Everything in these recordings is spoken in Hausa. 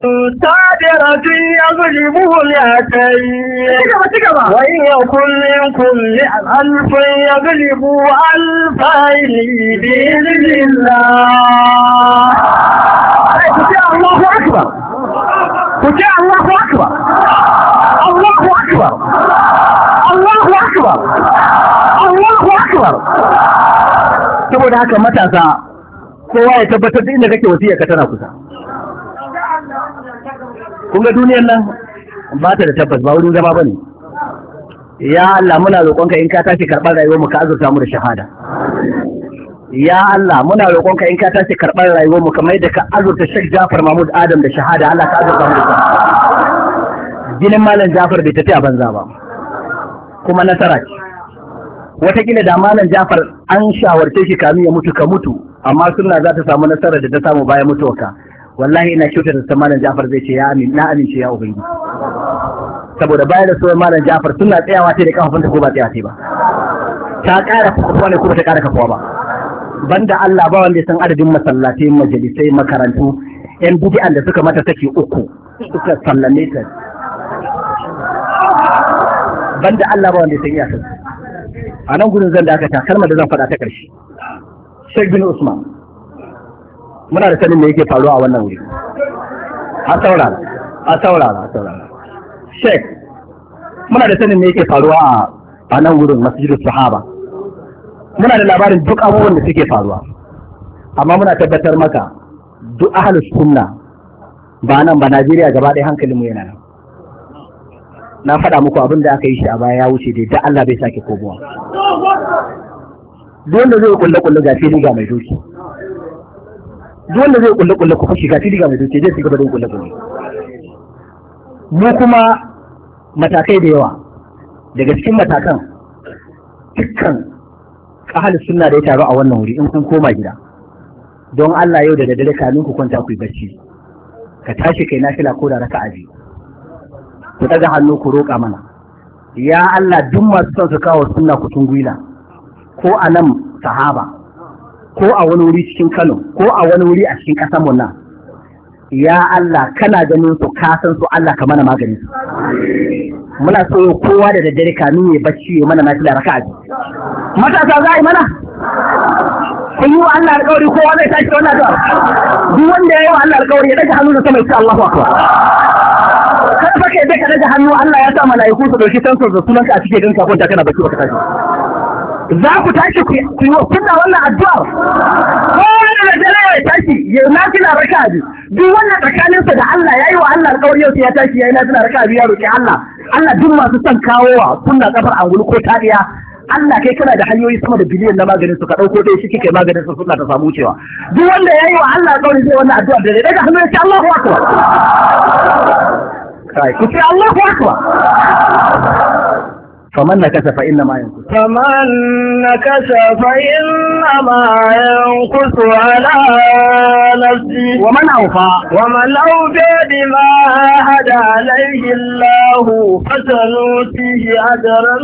Tadiyar tun ya zuri muhu ne a wai ya kulle kulle al’alfin ya zuri muhu alfaili da ya zuri Ku ce Allah ku akiba! Saboda haka matasa, kowa ya tabbatar da inda kake wasu iya katana kusa. kun ga duniyar nan ba ta da tabbas ba wurin zama bane ya Allah muna roƙonka in ka tashi karɓar rayuwar mu ka azurta mu da shahada ya Allah muna roƙonka in ka tashi karɓar rayuwar mu kamar yadda ka azurta Sheikh Jafar Mahmud Adam da shahada Allah ka azurta mu da shahada jinin malam Jafar bai tafi a banza ba kuma nasara ce watakila da malam Jafar an shawarce shi kamin ya mutu ka mutu amma suna za ta samu nasara da ta samu bayan ka wallahi ina kyautata da malam Ja'far zai ce ya amin na amince ya ubangi saboda bayan da sauran malam Ja'far suna tsayawa sai da kafafunta ko ba tsaya sai ba ta ƙara kafuwa ne ko ta ƙara kafuwa ba banda Allah ba wanda ya san adadin masallatai majalisai makarantu yan bid'an da suka mata take uku suka sallame ta banda Allah ba wanda ya san iyakar a nan gudun zan dakata kalmar da zan faɗa ta ƙarshe Sheikh bin Usman muna da sanin me yake faruwa a wannan wuri a saurara a saurara a saurara sheik muna da sanin me yake faruwa a nan wurin masjidu sahaba muna da labarin duk abubuwan da suke faruwa amma muna tabbatar maka duk ahlus sunna ba nan ba Najeriya gaba ɗaya mu yana nan na faɗa muku abin da aka yi shi a baya ya wuce dai dan Allah bai sake komowa duk wanda zai kulle kulle ga fili ga mai doki duk wanda zai kulle kulle ku shiga, ga diga mai doke zai gaba da kulle kulle mu kuma matakai da yawa daga cikin matakan dukkan ahli sunna da ya taru a wannan wuri in kun koma gida don Allah yau da daddare kamin ku kwanta ku yi bacci ka tashi kai nafila ko da raka'a biyu ku daga hannu ku roƙa mana ya Allah duk masu son su kawo sunna ku tungwila ko anan sahaba ko a wani wuri cikin Kano ko a wani wuri a cikin ƙasar mu nan ya Allah kana ganin su ka san su Allah ka mana magani muna so kowa da daddare kanu ya bacci ya mana nafila raka'a matasa za a yi mana kun yi wa Allah alƙawari kowa zai tashi wannan addu'a duk wanda ya yi wa Allah alƙawari ya daga hannu da sama ya ce Allahu akbar kada fa ka daga hannu Allah ya sa mala'iku su dauki tantar da sunanka a cikin ganka kwanta kana bacci baka tashi za ku tashi ku yi wa kunna wannan ko wani da dare ya tashi ya nafila raka bi? duk wannan tsakaninsa da Allah ya yi wa Allah alƙawari yau ya tashi ya yi nafila raka biyu ya roƙi Allah Allah duk masu son kawowa kunna kafar angulu ko tariya Allah kai kana da hanyoyi sama da biliyan na maganin su ka ɗauko dai shi kike maganin su suna ta samu wucewa duk wanda ya yi wa Allah alƙawari zai wannan addu'a da daga hannu ya ce Allahu akbar kai ku ce Allahu akbar فمن نكس فإنما ينكس فمن نكس فإنما ينكس على ومن أوفى ومن أوفى بما عهد عليه الله فسنؤتيه أجرا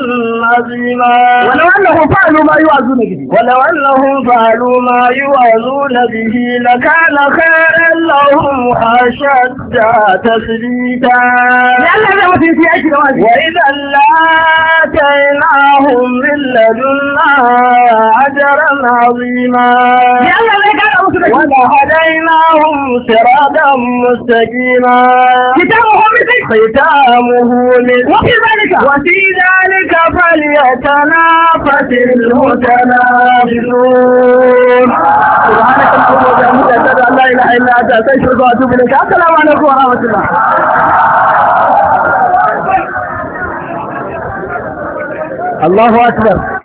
عظيما ولو أنهم فعلوا ما يوعظون به ولو أنهم فعلوا ما يوعظون به لكان خيرا لهم أشد تثبيتا وإذا لآتيناهم من لدنا أجرا عظيما وَلَهَدَيْنَاهُمْ صِرَاطًا مُسْتَقِيمًا ختامه مسك ختامه مسك وفي ذلك وفي ذلك فليتنافس المتنافسون سبحانك اللهم وبحمدك أشهد أن لا إله إلا أنت أستغفرك وأتوب إليك السلام عليكم ورحمة الله الله أكبر